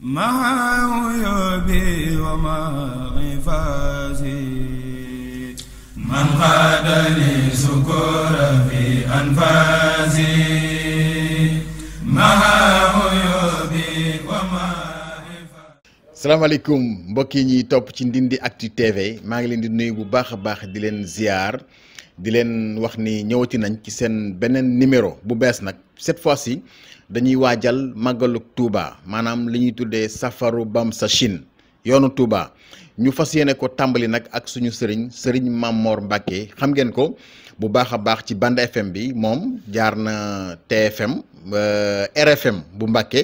مع عيوبي ومع غفاسي من قادني سكور في أنفاسي مع عيوبي ومع salaamaaleykum mbokk yi ñuy topp ci Ndindy Actu TV maa ngi leen di nuyu bu baax a baax di leen ziar di leen wax ni ñëwati nañ ci seen beneen numéro bu bees nag cette fois-ci dañuy waajal màggaluk Touba maanaam li ñuy tuddee safaru Bamsa Chine yoonu Touba ñu fas yéene ko tàmbali nag ak suñu sëriñ sëriñ Mamor Mbacke xam ngeen ko bu baax a baax ci bande FM bi moom jaar na TFM euh, RFM bu Mbacke.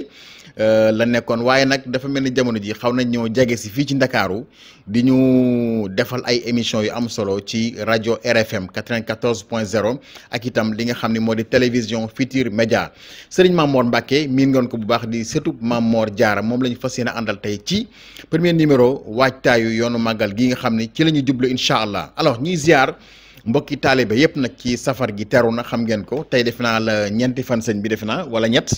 Euh, la nekkoon waaye nag dafa mel ni jamono ji xaw nañ ñoo jege si fii ci Ndakaaru di ñu defal ay émissions yu am solo ci rajo RFM 94 point 0 ak itam li nga xam ne moo di télévision Futur Média Serigne Mamor Mbacke miin ngoon ko bu baax di surtout Mamor Diarra moom la ñu fas yéene àndal tey ci premier numéro waajtaayu yoonu màggal gi nga xam ne ci la ñuy jublu incha allah alors ñuy ziar. mbokki taalibe yëpp nag ci safar gi teru na xam ngeen ko tey defe naa la ñeenti fan sëñ bi defe naa wala ñett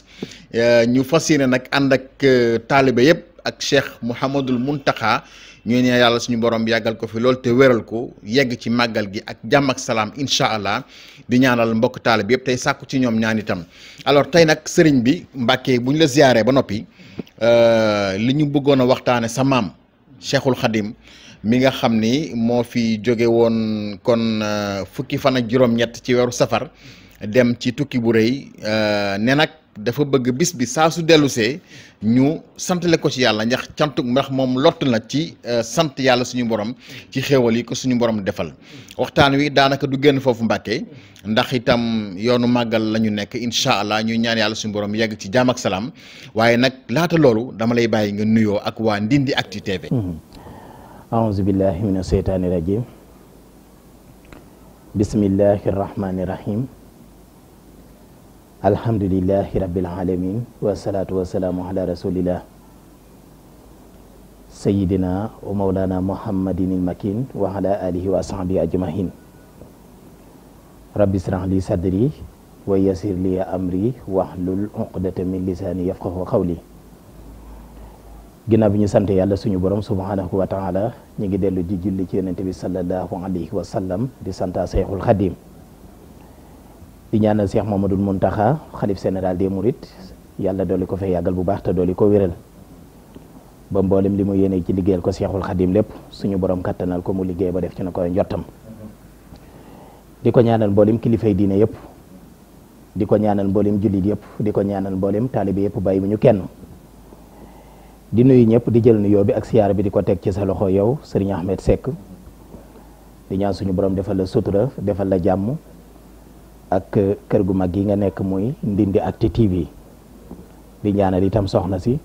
euh, ñu fas yéene nag ànd ak euh, taalibe yëpp ak cheikh Mouhamadul Mountakha ñuy ne yàlla suñu borom yàggal ko fi loolu te wéral ko yegg ci màggal gi ak jàmm ak salaam incha allah di ñaanal mbokk taalib yëpp tey sàkku ci ñoom ñaanitam itam alors tey nag sëriñ bi Mbàkke bu ñu la ziyaaree ba noppi euh, li ñu bëggoon a waxtaane sa maam cheikhul xadim mi nga xam ni moo fi jóge woon kon euh, fukki fan ak juróom-ñett ci weeru safar dem ci tukki bu rëy euh, ne nag dafa bëgg bis bi saa su dellusee ñu santale ko ci yàlla njax cantuk ndax moom lott na ci euh, sant yàlla suñu borom ci xewal yi ko suñu borom defal waxtaan wi daanaka du génn foofu Mbàkke ndax itam yoonu màggal la ñu nekk incha allah ñuy ñaan yàlla suñu borom yegg ci jaam ak salaam waaye nag laata loolu dama lay bàyyi nga nuyoo ak waa Ndindy Actu TV. Mm-hmm. أعوذ بالله من الشيطان الرجيم بسم الله الرحمن الرحيم الحمد لله رب العالمين والصلاة والسلام على رسول الله سيدنا ومولانا محمد المكين وعلى آله وأصحابه أجمعين رب اشرح لي صدري ويسر لي أمري واحلل عقدة من لساني يفقه قولي ginnaaw bi ñu sant yàlla suñu borom subhanahu wa taala ñu ngi dellu di julli ci yonente bi sallallahu alayhi wa sallam di santa Seexul Xadim di ñaanal Seex Mamadul Muntaxa xalif général des Mourides yàlla dooli ko fee yàggal bu baax te dooli ko wéral ba mboolem li mu yéene ci liggéeyal ko Seexul Xadim lépp suñu borom kattanal ko mu liggéey ba def ci na koy njottam di ko ñaanal mboolem kilifay diine yëpp di ko ñaanal mboolem jullit yëpp di ko ñaanal mboolem taalibe yëpp bàyyi mu ñu kenn di nuyu ñëpp di jël nuyoo bi ak siyaar bi di ko teg ci sa loxo yow sëriñ Ahmed sekk di ñaan suñu borom defal la sutura defal la jàmm ak kër gu mag yi nga nekk muy Ndindy Actu TV di ñaanal itam soxna si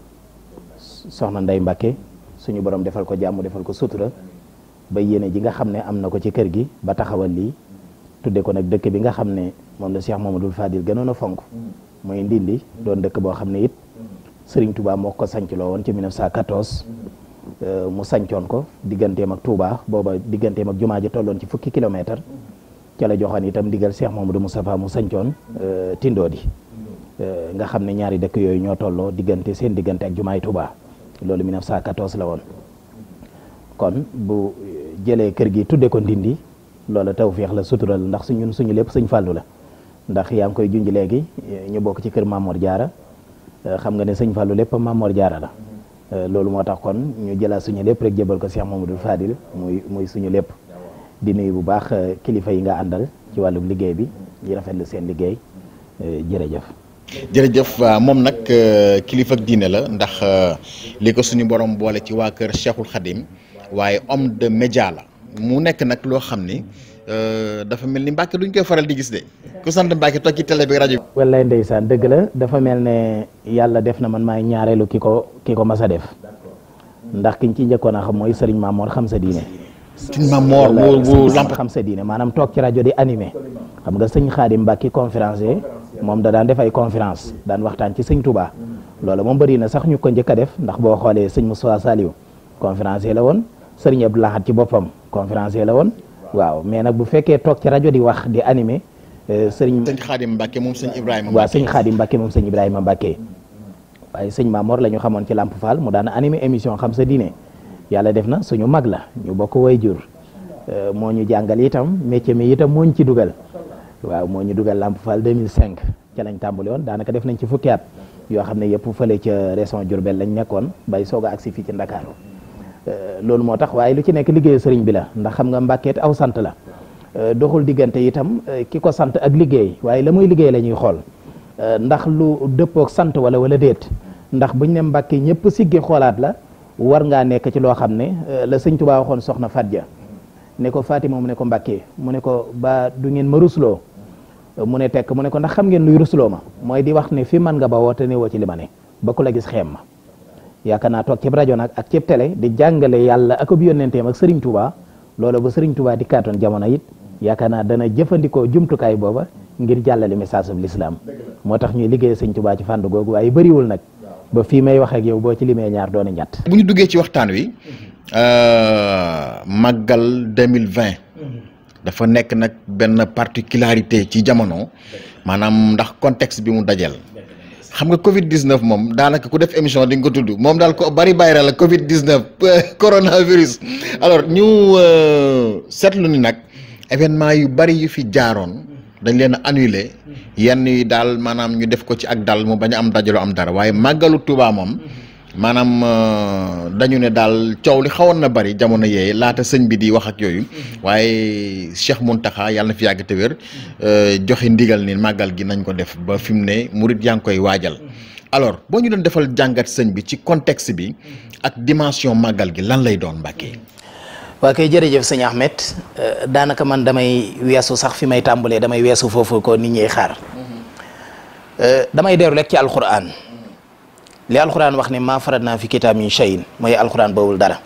soxna Ndey Mbakke suñu borom defal ko jàmm defal ko sutura ba yéene ji nga xam ne am na ko ci kër gi ba taxawal lii tudde ko nag dëkk bi nga xam ne moom la Cheikh Mamadou Fadil gënoon a fonk muy Ndindi doon dëkk boo xam ne it Serigne Touba moo ko sancloo woon ci 1914 euh, mu sancoon ko digganteem ak Touba booba digganteem ak jumaa ji tolloon ci fukki kilomètre ca la joxoon itam ndigal Cheikh Mamadou Moustapha mu sancoon euh, Tindodi euh, nga xam ne ñaari dëkk yooyu ñoo tolloo diggante seen diggante ak jumaay Touba loolu 1914 la woon kon bu jëlee kër gi tudde ko Ndindi loola tawféex la sutural ndax su ñun suñu lépp sëñ Fàllu la ndax yaa ngi koy junj léegi ñu bokk ci kër Mamour jaara Euh, xam nga ne sëñ Fallou lépp Mamor Jaara la euh, loolu moo tax kon ñu jëlaat suñu lépp rek jébal ko Cheikh Mamadou Fadil muy muy suñu lépp di nuyu bu baax euh, kilifa yi nga àndal ci wàllu liggéey bi rafet rafetlu seen liggéey jërëjëf. jërëjëf moom nag kilifa ak diine la ndax li ko suñu borom boole ci waa kër Cheikhul Khadim waaye homme de média la mu nekk nag loo xam ni. Euh, dafa mel ni Mbacke duñ koy faral di gis de ku sant Mbacke toog ci télé bi rajo bi. wallaay ndeysaan dëgg la dafa mel ne yàlla def na man may ñaareelu ki ko ki ko mas a def ndax kiñ ci njëkkoon a xam mooy Serigne Mamor xam sa diine. Serigne Mamor bu lamp xam sa maanaam toog ci rajo di animé xam sëñ Xaadim Mbacke conférencier moom da daan def ay conférence daan waxtaan ci sëñ tubaa loolu moom bëri na sax ñu ko njëkk a def ndax boo xoolee sëñ Moussa Saliou conférencier la woon Serigne Abdou Lahad ci boppam conférencier la woon. waaw mais nag bu fekkee toog ci rajo di wax di animé. Euh, sëriñ sëñ Xaadim Mbacke moom sëñ Ibrahima. waaw sëñ Xaadim Mbacke moom sëñ Ibrahima Mbacke. waaye sëñ la ñu xamoon ci Lamp Fall mu daan animé émission xam sa diine yàlla def na suñu mag la ñu bokk way jur euh, moo ñu jàngal itam métier mi itam moo ñu ci dugal waaw moo ñu dugal Lamp Fall 2005 ca lañ tàmbali woon daanaka def nañ ci fukki at yoo xam ne yëpp fële ca région Diourbel lañ nekkoon bay soog a agsi fii ci Ndakaaru Euh, loolu moo tax waaye lu ci nekk liggéeyu sëriñ bi la ndax xam nga mbàkkeet aw sant la euh, doxul diggante itam euh, ki ko sant ak liggéey waaye la muy liggéey la ñuy xool ndax lu dëppook sant wala wala déet ndax buñ ne mbàkke ñëpp siggi xoolaat la war ngaa nekk ci loo xam ne la sëñ Tuubaa waxoon soxna Fadja ne ko Fatima mu ne ko mbàkke mu ne ko ba du ngeen ma rusloo mu ne tekk mu ne ko ndax xam ngeen luy rusloo ma mooy di wax ne fi man nga ba woote ne woo ci li ma ne ba yaakaar naa toog cib rajo nag ak cib télé di jàngale yàlla ak ab yónnenteem ak Serigne Touba loolu bu Serigne Touba di kaatoon jamono it yaakaar naa dana jëfandikoo jumtukaay booba ngir jàllale message bu l'islam moo tax ñuy liggéey Serigne Touba ci fànn googu waaye bëriwul nag ba fii may wax ak yow boo ci limee ñaar doon ñett. bu ñu duggee ci waxtaan wi euh, màggal 2020 dafa nekk nag benn particularité ci jamono maanaam ndax contexte bi mu dajeel. xam nga Covid 19 moom daanaka ku def émission di nga ko tudd moom daal ko bari bàyyi la Covid 19 coronavirus alors ñu euh, seetlu ni nag événement yu bari yu fi jaaroon dañ leen a annulé mm-hmm. yenn yi daal maanaam ñu def ko ci ak dal mu bañ a am dajaloo am dara waaye màggalu Tuubaa moom. Mm-hmm. maanaam euh, dañu ne daal coow li xawoon na bari jamono yee laata sëñ bi di wax ak yooyu mhm. waaye Cheikh Mountakha yàlla na fi yàgg te wér mhm. euh, joxe ndigal ni màggal gi nañ ko def ba fi mu ne murit yaa ngi koy waajal mhm. alors boo ñu doon defal jàngat sëñ bi ci contexte bi ak dimension màggal gi lan lay doon Mbàkke waa kay jërëjëf sëñ Ahmed euh, daanaka man damay weesu sax fi may tàmbalee damay weesu foofu ko nit ñiy xaar damay deeru rek ci alquran li alxuraan wax ne maa farat naa fi kitaab min shay'in mooy alxuraan bawul dara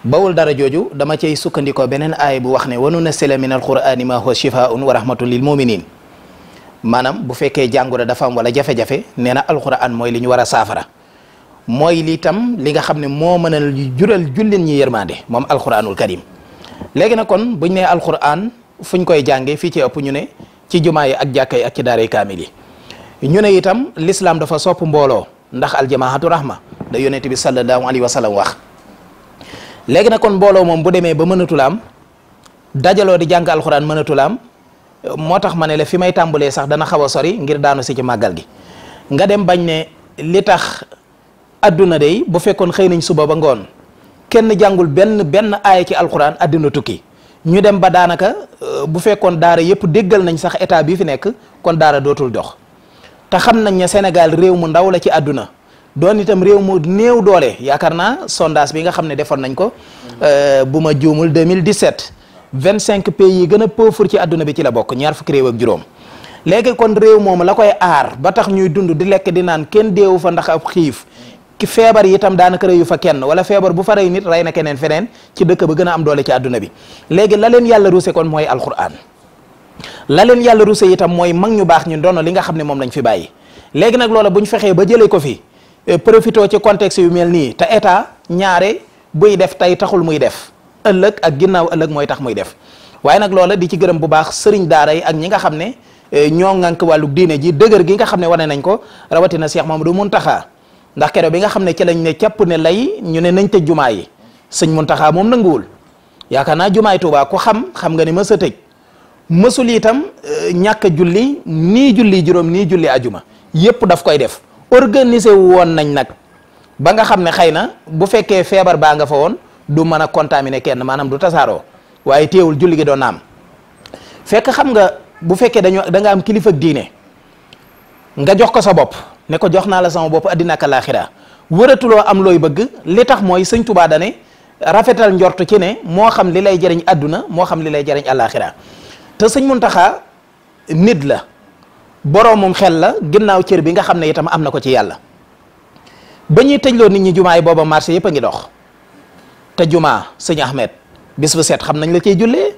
bawul dara jooju dama cay sukkandikoo beneen aay bu wax ne wanu nazzila min alqur'ani ma huwa shifaa'un wa rahmatun lil muminin maanaam bu fekkee jàngoro dafa am wala jafe-jafe nee na alxuraan mooy li ñu war a saafara mooy li li nga xam ne moo mënal jural jullit ñi yërmande moom alxuraanul karim léegi nag kon buñ nee alxuraan fuñ koy jàngee fii ci ëpp ñu ne ci jumaa yi ak jàkka yi ak ci daaray kaamil yi ñu ne itam l'islam dafa soppu mbooloo ndax aljamaahatu rahma da yonent bi sallallahu alayhi wa sallam wax léegi nag kon mbooloo moom bu demee ba mënatul am dajaloo di jàng alxuraan mënatul am moo tax ma ne la fi may tàmbalee sax dana xaw a sori ngir daanu si ci màggal gi nga dem bañ ne li tax adduna day bu fekkoon xëy nañ suba ba ngoon kenn jàngul benn benn aaya ci alxuraan adduna tukki ñu dem ba daanaka bu fekkoon daara yëpp déggal nañ sax état bi fi nekk kon daara dootul dox te xam nañ ne Sénégal réew mu ndaw la ci àdduna doon itam réew mu néew doole yaakaar naa sondage bi nga xam ne defoon nañ ko euh, bu ma juumul 2017 25 pays yi gën a pauvre ci àdduna bi ci la bokk ñaar fukki réew ak juróom léegi kon réew moom la koy aar ba tax ñuy dund di lekk di naan kenn deewu fa ndax ab xiif ki feebar yi itam daanaka reyu fa kenn wala feebar bu fa rey nit rey na keneen feneen ci dëkk ba gën a am doole ci àdduna bi léegi la leen yàlla ruuse kon mooy la leen yàlla ruse itam mooy mag ñu baax ñu ndono li nga xam ne moom lañ fi bàyyi léegi nag loola bu ñu fexee ba jëlee ko fi eh, profito ci contexte yu mel nii te état ñaare buy def tey taxul muy def ëllëg ak ginnaaw ëllëg mooy tax muy def waaye nag loola di ci gërëm bu baax sëriñ daara yi ak ñi nga xam ne eh, ñoo ngànk wàllu diine ji dëgër gi nga xam ne wane nañ ko rawatina Cheikh mun Muntaxa ndax keroog bi nga xam ne ci lañ ne càpp ne lay ñu ne nañ te jumaa yi sëñ Muntaxa moom nanguwul yaakaar naa jumaay Tuubaa ku xam xam nga ni ma sa tëj mësul itam euh, ñàkk julli nii julli juróom nii julli ajuma yépp daf koy def organisé woon nañ nag ba nga xam ne xëy na bu fekkee feebar baa nga fa woon du mën a contaminé kenn maanaam du tasaaroo waaye teewul julli gi doon na am fekk xam nga bu fekkee dañoo da nga am kilifa diine nga jox ko sa bopp ne ko jox naa la sama bopp àddina ak laaxira wëratuloo am looy bëgg li tax mooy sëñ Tuubaa dane rafetal njort ci ne moo xam li lay jëriñ àdduna moo xam li lay jëriñ àlaaxira te mun Muntaxa nit la boroomum xel la ginnaaw cër bi nga xam ne itam am na ko ci yàlla ba ñuy tëjloo nit ñi jumaa yi booba marché yëpp a ngi dox te jumaa sëñ Ahmed bis bu xam nañ la cay jullee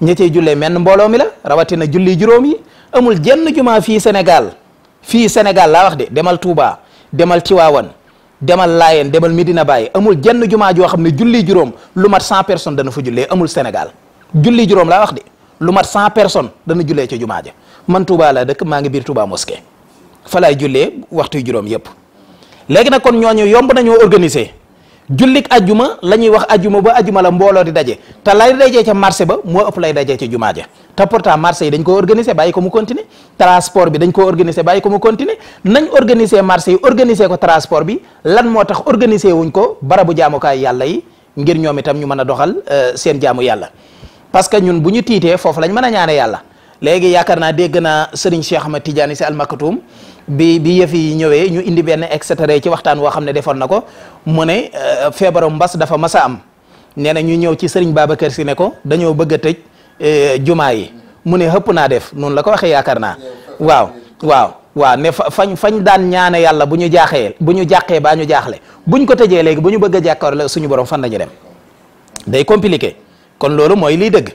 ña cay jullee menn mbooloo mi la rawatina julli juróom yi amul jenn jumaa fii Sénégal fii Sénégal laa wax de demal Touba demal Tiwaawan demal Laayeen demal Medina Baye amul jenn jumaa joo xam ne julli juróom lu mat cent personnes dana fa jullee amul Sénégal julli juróom laa wax de lu mat cent personnes dana julee ci jumaa ja man Touba dëkk maa ngi biir Touba mosquée fa laay jullee waxtu juróom yëpp léegi nag kon ñooñu yomb nañoo organiser jullik ajjuma la ñuy wax ajjuma ba ajjuma la mbooloo di daje te lay dajee ca marché ba moo ëpp lay dajee ci jumaa ja te pourtant marché yi dañ ko organiser bàyyi ko mu continuer transport bi dañ ko organiser bàyyi ko mu continuer nañ organiser marché yi organiser ko transport bi lan moo tax organiser wuñ ko barabu jaamukaay yàlla ngir ñoom itam ñu mën a doxal euh, seen jaamu yàlla parce que ñun bu ñu tiitee foofu lañ mën a ñaane yàlla léegi yaakaar naa dégg naa Serigne Cheikh Ahmad si almakatoum bi bi yëf ñëwee ñu indi benn et cetera ci waxtaan woo xam ne defoon na ko mu ne euh, feebaru mbas dafa mas a am nee na ñu ñëw ci Serigne Babacar si ne ko dañoo bëgg a tëj euh, jumaa yi mu ne xëpp naa def noonu la ko waxee yaakaar naa waaw waaw waaw ne fañ fañ daan ñaane yàlla bu ñu jaaxee bu ñu jàqee baa ñu jaaxle buñ ko tëjee léegi bu ñu bëgg a jàkkaarloo suñu borom fan la dem day kon loolu mooy liy dëgg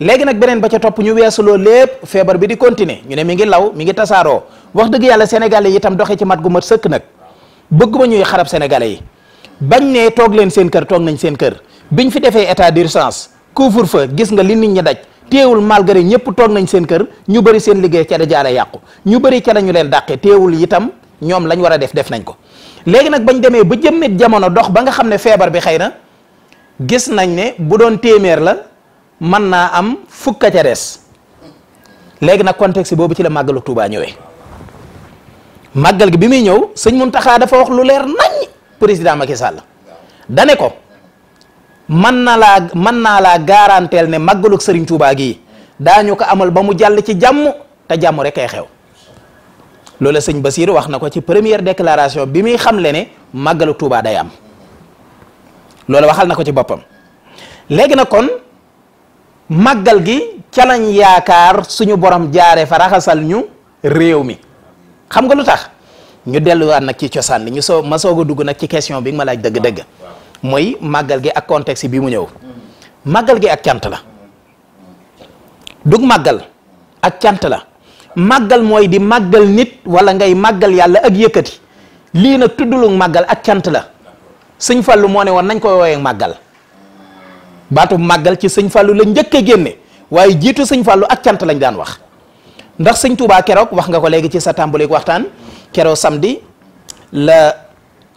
léegi nag beneen ba ca topp ñu weesuloo lépp feebar bi di continuer ñu ne mi ngi law mi ngi tasaaroo wax dëgg yàlla sénégalais yi itam doxe ci mat gu mat sëkk nag bëgguma ñuy xarab sénégalais yi bañ ne toog leen seen kër toog nañ seen kër biñ fi defee état d'urgence couvre-feu gis nga li nit ñi daj teewul malgré ñëpp toog nañ seen kër ñu bëri seen liggéey ca da yàqu ñu bëri ca ñu leen dàqe teewul itam ñoom lañ war a def def nañ ko léegi nag bañ demee ba jëmmit jamono dox ba nga xam ne feebar bi xëy na gis nañ ne bu doon téeméer la mën naa am fukka ca des léegi nag contexte boobu ci la màggalu Touba ñëwee màggal gi bi muy ñëw sëñ Muntaxa dafa wax lu leer nañ président Macky Sall dane ko mën na la mën naa laa garanteel ne màggalug sëriñ Touba gii daañu ko amal ba mu jàll ci jàmm te jàmm rek ay xew loolu sëñ Basiir wax na ko ci première déclaration bi muy xam xamle ne màggalu Touba day am loolu waxal na ko ci boppam léegi nag kon màggal gi ca lañ yaakaar suñu borom jaaree fa raxasal ñu réew mi xam nga lu tax ñu delluwaat nag ci cosaan li ñu soo ma soog a dugg nag ci question bi ma laaj dëgg-dëgg mooy màggal gi ak contexte bi mu ñëw màggal gi ak cant la dug màggal ak cant la màggal mooy di màggal nit wala ngay màggal yàlla ak yëkkati lii na tuddulug màggal ak cant la sëñ fallu moo ne woon nañ koy woowee màggal baatu màggal ci sëñ fallu la njëkk a génne waaye jiitu sëñ fàllu ak cant lañ daan wax ndax sëñ Touba keroog wax nga ko léegi ci sa tàmbalik waxtaan keroog samdi la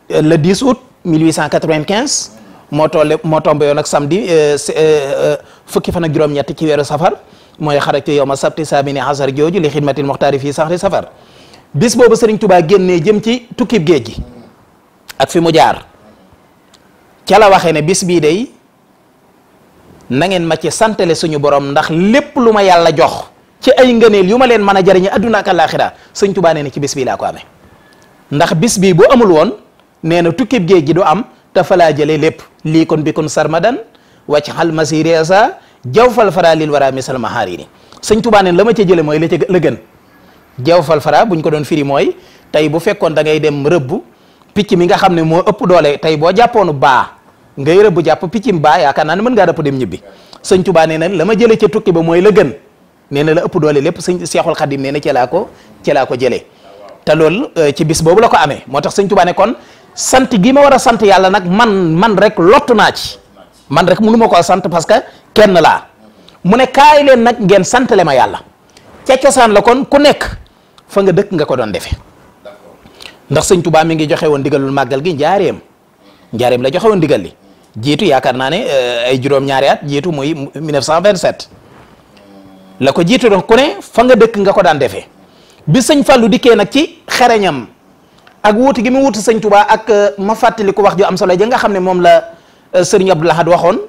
le 10 août 1895 moo tolle moo tombé yoon ak samedi euh, euh, euh, fukki fan ak juróom ñetti ci weeru safar mooy xarajtu yow ma sabti saamini hasar jooju li xidmatil moxtaari fii saxri safar bis boobu sëriñ Touba génnee jëm ci tukkib géej gi ak fi mu jaar ca la waxee ne bis bii day na ngeen ma ci santale suñu borom ndax lépp lu ma yàlla jox ci ay ngëneel yu ma leen mën a jariñe adduna ak àllaaxira sëñ na ci bis bii laa ko amee ndax bis bii bu amul woon nee na tukkib géej gi du am te laa jëlee lépp lii kon bi kon sarmadan wàcc xal masiri sa jaw fal fara lil wara misal maharini sëñ Tuubaa nee la ma ca jële mooy la ca la gën jaw fal fara buñ ko doon firi mooy tey bu fekkoon da ngay dem rëbb picc mi nga xam ne moo ëpp doole tey boo jàppoonu baa nga ngay bu jàpp piccim baa yaakaar naa ne mën ngaa dëpp dem ñibbi sëñ Tuubaa nee na la ma jëlee ca tukki ba mooy la gën nee na la ëpp doole lépp sëñ Seexul Xadim nee na ci laa ko ci laa ko jëlee te loolu eh, ci bis boobu la ko amee moo tax sëñ Tuubaa ne kon sant gi ma war a sant yàlla nag man man rek lottu naa ci man rek mënu ma koo sant parce que kenn laa mu ne kaay leen nag ngeen santale ma yàlla ca cosaan la kon ku nekk fa nga dëkk nga ko doon defee ndax sëñ Tuubaa mi ngi joxe woon digalul màggal gi njaareem njaareem la joxe woon digal li jiitu yaakaar naa ne euh, ay juróom-ñaari at jiitu muy 1927 la ko jiitu donc ku ne fa nga dëkk nga ko daan defee bi sëñ Fallou dikkee nag ci xereñam ak wuuti gi mu wuti sëñ tubaa ak euh, ma fàttali ko wax ju am solo ja nga xam ne moom la euh, sëriñ Abdoul Ahad waxoon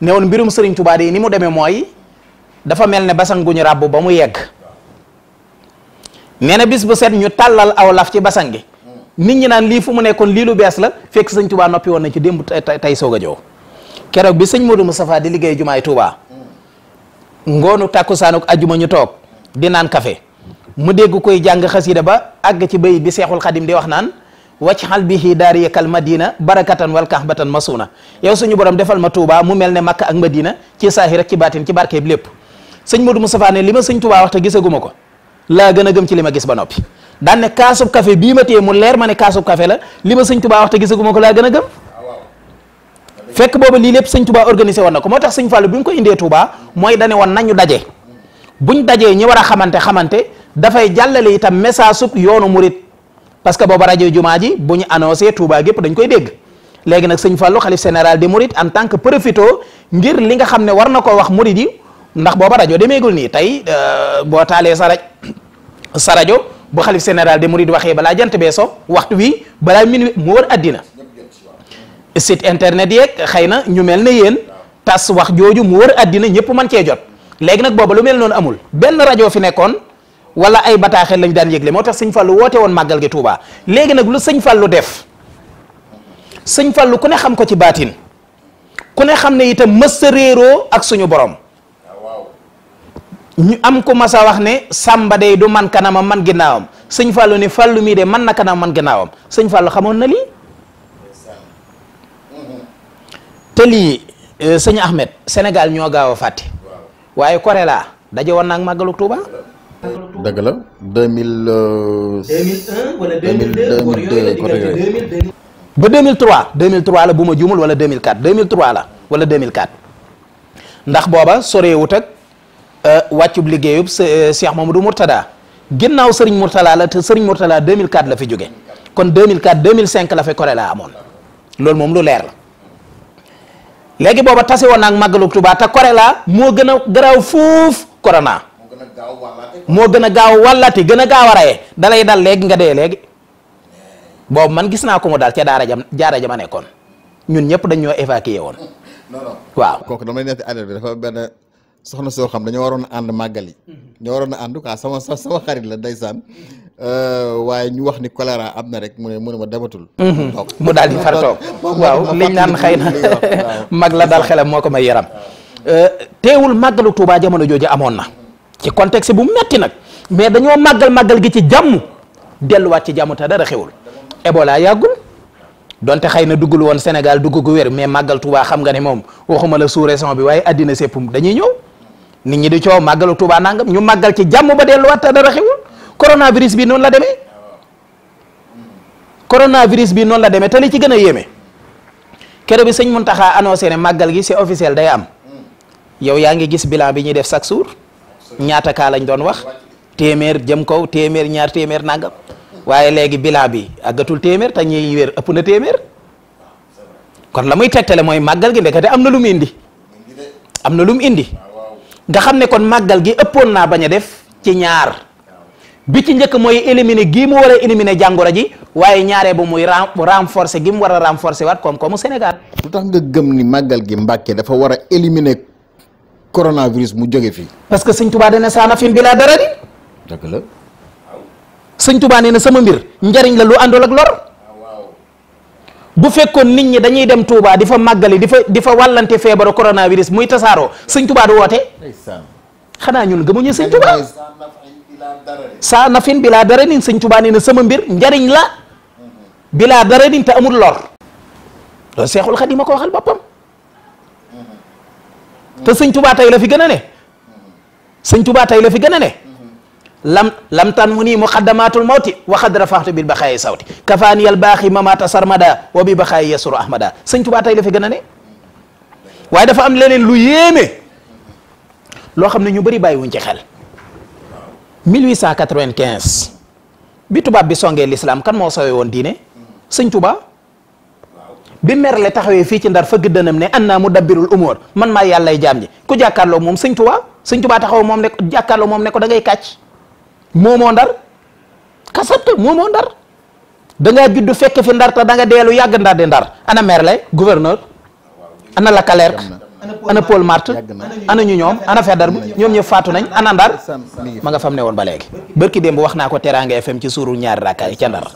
ne woon mbirum sëriñ Touba de ni mu demee mooy dafa mel ne basang gu ñu ràbb ba mu yegg nee na bis bu set ñu tàllal aw laf ci basang gi nit ñi naan lii fu mu nekkoon lii lu bees la fekk sëñ Touba noppi woon na ci démb tay soog a jow keroog bi sëñ Modou Moustapha di liggéey jumaay Touba ngoonu tàkkusaanuk ajjuma ñu toog di naan café mu dégg koy jàng xasida ba àgg ci bay bi seexul xadim di wax naan wacc xal bihi daariya kal madina barakatan wal kahbatan masuna yow suñu borom defal ma Touba mu mel ne Makka ak Madina ci saahir ak ci baatin ci barke bi lépp sëñ Modou Moustapha ne li ma sëñ Touba wax te gisaguma ko laa gën a gëm ci li ma gis ba noppi daan ne kaasub kafe bii ma téye mu leer ma ne kaasub kafe la li ma sëñ Tuubaa wax te gisaguma ko laa gën a gëm fekk booba lii lépp sëñ Tuubaa organisé woon na ko moo tax sëñ Fallou bi ñu ko indee Tuubaa mooy dane woon nañu daje buñ dajee ñi war a xamante xamante dafay jàllale itam message sub yoonu murit parce que booba rajo jumaa ji bu ñu annoncé Tuubaa gépp dañ koy dégg léegi nag sëñ Fallou xalif général des en tant que profito ngir li nga xam ne war na koo wax murit di ndax booba rajo demeegul nii tey euh, boo taalee sa raj sa rajo bu xalif sénéral de Mouride waxee balaa jant bee so waxtu wi balaa minuit mu wër àddina site internet yeeg xëy na ñu mel ne yéen tas wax jooju mu wër àddina ñëpp mën cee jot léegi nag booba lu mel noonu amul benn rajo fi nekkoon wala ay bataaxeel lañ daan yëgle moo tax sëñ Fallou woote woon màggal gi Touba léegi nag lu sëñ fallu def sëñ Fallou ku ne xam ko ci baatin ku ne xam na itam mësta réeroo ak suñu borom ñu am ko mas a wax ne sàmba day du man kanamam man ginnaawam sëñ Fallou ne Fallou mii de man na kanam man ginnaawam sëñ Fallou xamoon na lii te lii euh, sëñ Ahmed Sénégal ñoo gaaw a fàtte waaye Corée daje woon naa ak màggalu Touba. dëgg la deux mille. Euh, deux mille un wala deux mille deux ba deux mille trois deux mille trois la bu ma juumul wala deux mille quatre deux mille trois la wala deux mille quatre ndax booba sorewut ak. Euh, wàccub liggéeyub euh, Cheikh Mamadou Mourtada ginnaaw Serigne Mourtada la te Serigne Mourtada 2004 la fi jóge kon 2004 2005 la fi Corona amoon loolu moom lu leer la léegi booba tase woon naag màggalu Tuubaa te Corona moo gën a garaaw fuuf Corona moo gën a gaaw wàllati gën a gaaw a rayee dalay dal léegi nga dee léegi boobu man gis naa ko mu daal ca daara jam jaara jama nekkoon ñun ñëpp dañ ñoo évacué woon waaw bi dafa soxna soo xam dañoo waroon a ànd màggali mhm. ñoo waroon a ànd quoi sama sama xarit la ndeysaan euh, waaye ñu wax ni choléra am na rek mu ne mu ne ma dematul mhm. mu daal di far toog waaw liñ na mag la daal xelam moo ko may yaram euh, teewul màggalu Tuubaa jamono jooju amoon na ci contexte bu metti nag mais dañoo màggal màggal gi ci jàmm delluwaat ci jàmm te dara xewul Ebola yàggul donte xëy na duggul woon Sénégal dugg gu wér mais màggal Tuubaa xam nga ne moom waxuma la sous-région bi waaye addina séppum dañuy ñëw nit ñi di coow màggalu Touba nangam ñu màggal ci jàmm ba delluwaat te dara xewul coronavirus bi noonu la demee coronavirus bi noonu la demee te li ci gën a yéeme kero bi sëñ Muntaxa annoncé ne màggal gi c'est officiel day am yow yaa ngi gis bilan bi ñuy def chaque jour ñaata kaa lañ doon wax téeméer jëm kaw téeméer ñaar téeméer nangam waaye léegi bilan bi àggatul téeméer ta ñuy wér ëpp na téeméer kon la muy tegtale mooy màggal gi ndekete am na lu mu indi am na lu mu indi. nga xam ne kon màggal gi ëppoon naa bañ a def ci ñaar bi ci njëkk mooy éliminer gii mu war a jàngoro ji waaye ñaaree ba muy renforcer gi mu war a renforcer waat koom-koomu Sénégal. lu tax nga gëm ni màggal gi Mbàkke dafa war a éliminer coronavirus mu jóge fii. parce que sëñ Tuubaa dana saana fi bi dara di. sëñ Tuubaa nee na sama mbir njariñ la lu àndul ak lor. bu fekkoon nit ñi dañuy dem Touba di fa dafa di fa di fa wàllante feebaru coronavirus muy tasaaroo sëñ Touba du woote. xanaa ñun gëmuñu sëñ Touba. saa nafin bi laa dara nin sëñ Touba nee na sama mbir njariñ la. Mm-hmm. bi laa dara nin te amul lor. loolu seexul xadim ma ko waxal boppam. Mm-hmm. te sëñ Touba tey la fi gën a ne. Mm-hmm. sëñ Touba tey la fi gën a ne. lam lam tan mu nii muqaddamatul mawti waxad rafaxtu bil baxaayi sawti kafaani yal baaxi mamaata sarmada wa bi baxaayi yasuru ahmada sëñ Tuubaa tey la fi gën a ne waaye dafa am leneen lu yéeme loo xam ne ñu bëri bàyyi wuñ ci xel 1895 bi tubaab bi songee lislaam kan moo sowee woon diine sëñ Tuubaa bi merle taxawee fii ci ndar fëgg dënam ne an naa mu dabbirul umóor man maa yàllay jaam ji ku jàkkaarloo moom sëñ Tuubaa taxaw moom ne jàkkaarloo moom ne ko da ngay kàcc moomoo ndar kasabta moomoo ndar da ngaa judd fekk fi ndar te da nga deelu yàgg ndar di ndar ana maire lay gouverneur ana Leclerc ana Paul Marty ana ñu ñoom ana Faidherbe ñoom ñëpp faatu nañ ana ndar ma nga fam ne woon ba léegi bërki démb wax naa ko Teranga FM ci suuru ñaari rakka yi ca ndar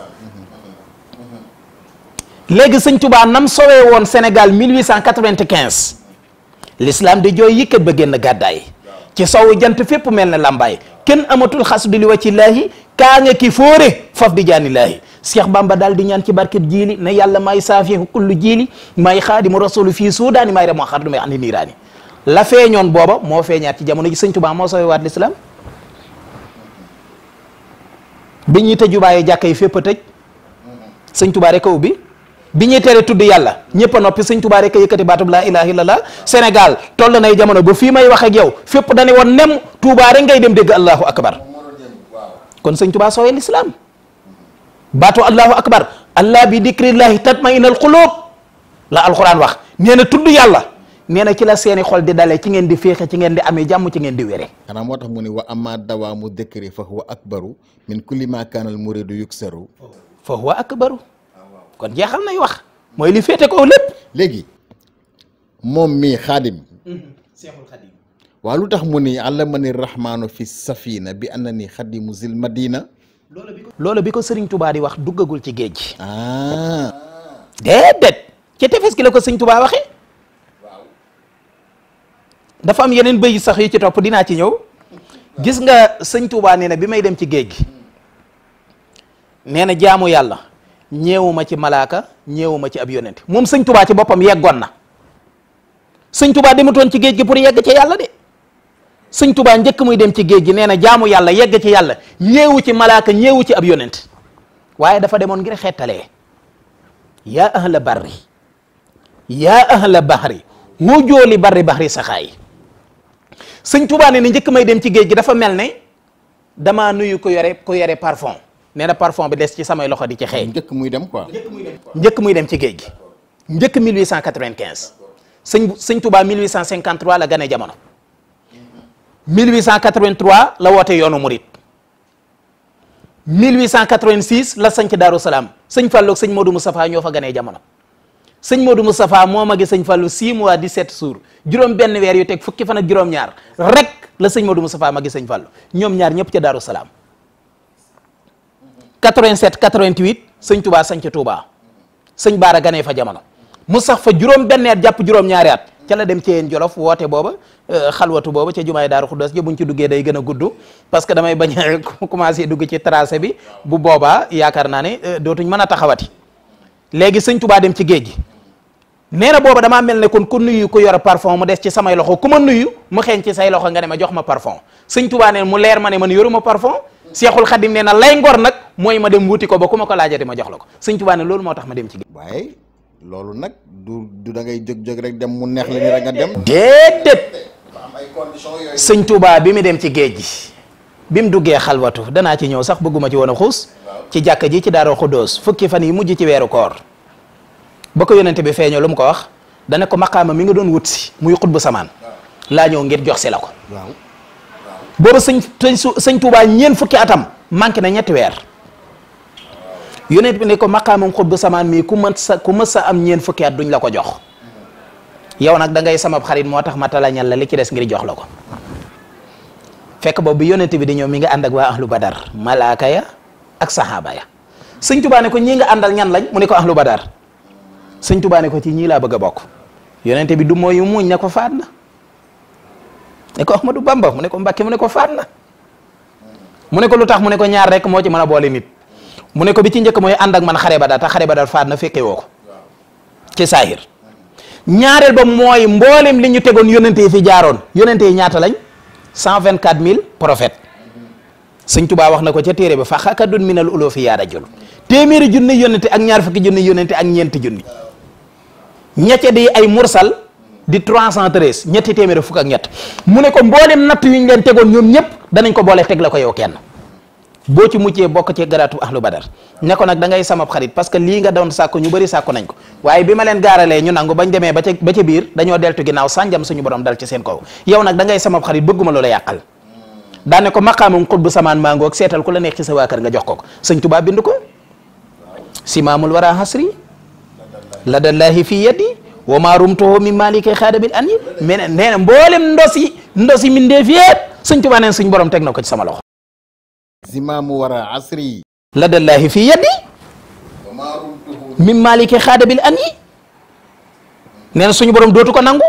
léegi sëñ Touba nam sowee woon Sénégal 1895 l'islam di jooy yëkkat ba génn gàddaay ci sowu jant fépp mel na làmbaay kenn amatul xasdu li wacillaahi kaa nga ki fóore faf di jaanilaahi Cheikh Bamba daal di ñaan ci barket jiili ne yàlla maay saafihu kullu jiili maay xaadimu rasulu fii suudaani maay rem xar du may andi niiraani la feeñoon booba moo feeñaat ci jamono ji sëñ Tuubaa moo sooy waat lislaam bi ñuy tëju bàyyee jàkka yi fépp a tëj sëñ Tuubaa rek a bi ñuy tere tudd yàlla ñëpp a noppi sëñ Tuubaa rek a yëkkati baatub laa ilaha illallah Sénégal toll nay jamono ba fii may wax ak yow fépp dañu woon nem Tuubaa rek ngay dem dégg allahu akbar kon sëñ Tuubaa sooyee lislaam baatu allahu akbar allah bi dikrillahi tatmainal qulub la alquran wax nee na tudd yàlla nee na la seeni xol di dalee ci ngeen di féexe ci ngeen di amee jàmm ci ngeen di wére xanaa moo tax mu ne wa amma dawaamu dikri fa huwa akbaru min kulli ma kaanal muridu yuksaru fa huwa akbaru kon jeexal nay wax mooy li féete ko lépp. léegi moom mi xaadim. Mhm, seexul tax mu ni allamani rahmaanu fi safina bi annani xadimu zil madina. loola bi ko loola bi ko Serigne Touba di wax duggagul ci géej gi. ah. ci tefes gi la ko Serigne Touba waxee. waaw. dafa am yeneen bëy sax yi ci topp dinaa ci ñëw. gis nga Serigne Touba nee bi may dem ci géej gi. nee na jaamu yàlla. ma ci malaaka ñeewuma ci ab yonent moom sëñ tubaa ci boppam yeggoon na sëñ tubaa demutoon ci géej gi pour yegg ci yàlla de sëñ tubaa njëkk muy dem ci géej gi nee na jaamu yàlla yegg ci yàlla ñeewu ci malaaka ñeewu ci ab yonent waaye dafa demoon ngir xettalee yaa ahla barri yaa ahla bahri woo jooli barri bahri saxaay sëñ tubaa ne na njëkk may dem ci géej gi dafa mel ne damaa nuyu ko yore ko yore parfum nee na parfum bi des ci samay loxo di ci xee njëkk muy dem quoi. njëkk muy dem ci géej gi. njëkk 1895. tubaa sëñ Touba 1853 la ganee jamono. 1883 la woote yoonu Murit. 1886 la sañc Daaru Salaam sëñ Fallou ak sëñ Modou Moustapha ñoo fa ganee jamono sëñ Modou Moustapha moo magi sëñ Fallou 6 mois 17 jours juróom benn weer yu teg fukki fan ak juróom-ñaar rek la sëñ Modou Moustapha magi sëñ Fallou ñoom ñaar ñëpp ca Daaru Salaam. 87 88 sëñ Touba sanc Touba sëñ Baara ganee fa jamono mu sax fa juróom benn at jàpp juróom ñaari at ca la dem ci yéen jolof woote booba euh, xalwatu booba ca jumaay daaru xuddoos ja buñ ci duggee day gën a gudd parce que damay bañ a dugg ci tracé bi bu booba yaakaar naa ne euh, dootuñ mën a taxawati léegi sëñ Touba dem ci géej gi nee na booba dama mel ne kon ku nuyu ku yor parfum mu des ci samay loxo ku ma nuyu mu xeeñ ci say loxo nga ne ma jox ma parfum sëñ Touba mu leer ma ne man yoruma parfum seexul xadim nee na lay ngor nag mooy ma dem wuti ko ba ku ma ko laajati ma jox la ko sëñ Tuubaa ne loolu moo tax ma dem ci loolu nag du du da ngay jóg-jóg rek dem mu neex la ni nga dem déedéet sëñ Tuubaa bi mu dem ci géej gi bi mu duggee xalwatu danaa ci ñëw sax bëgguma ci woon a xuus ci jàkk ji ci Daaru Xuddoos fukki fan yi mujj ci weeru koor ba ko yonente bi feeñoo lu mu ko wax dana ko maqaama mi ngi doon wut si muy xutbu samaan laa ñëw ngir jox la ko booba sëñ sëñ Tuubaa ñeen fukki atam manqué na ñetti weer yonent bi ne ko maqaamam xutbu samaan mii ku mën sa ku mës sa am ñeen fukki at duñ la ko jox yow nag da ngay samab xarit moo tax ma talañal la li ci des ngir jox la ko fekk boobu bi yonent bi di ñëw mi nga ànd ak waa ahlu badar malaaka ya ak sahaaba ya sëñ Tuubaa ne ko ñii àndal ñan lañ mu ko ahlu badar sëñ Tuubaa ko ci ñii laa bëgg a bokk bi du mooyu muñ ne ko faat na ne ko Ahmadou Bamba mu ne ko Mbàkke mu ne ko faat mu ne ko lu tax mu ne ko ñaar rek moo ci mën a nit mu ne ko bi ci njëkk mooy ànd ak man xare ba daal te xare daal faat na fekke woo ko ci saahir ñaareel ba mooy mboolem li ñu tegoon yonente yi fi jaaroon yonente yi ñaata lañ cent vingt quatre mille prophètes sëñ Tuubaa wax na ko ca téere ba fa xakadun minal uloo fi yaa rajul téeméeri junni yonente ak ñaar fukki junni yonente ak ñeenti junni ñecce di ay mursal di cent 313 ñetti téeméer fukk ak ñett mu ne ko mboolem natt yu ñu leen tegoon ñoom ñëpp danañ ko boole teg ko yow kenn boo ci muccee bokk ci garaatu lu badar ne ko nag da ngay samab xarit parce que lii nga doon sàkku ñu bëri sàkku nañ ko waaye bi ma leen gaaralee ñu nangu bañ demee ba ca ba ca biir dañoo deltu ginnaaw sànjam suñu borom dal ci seen kaw yow nag da ngay samab xarit bëgguma loola yàqal daane ko maqaamum xutbu samaan maangoog seetal ku la neex ci sa waa kër nga jox ko ko sëñ Tuubaa bind ko simaamul wara hasri ladallahi fi yadi wo ma rumtoho min malike khadamil anil minen nene mboolem ndosi ndosi min ndeefi yépp suñ tuba neen borom teg na ko ci sama loxo zimamu wara asri ladallahi fi yaddi min malike khadabil anil neen suñu borom dootu ko nangu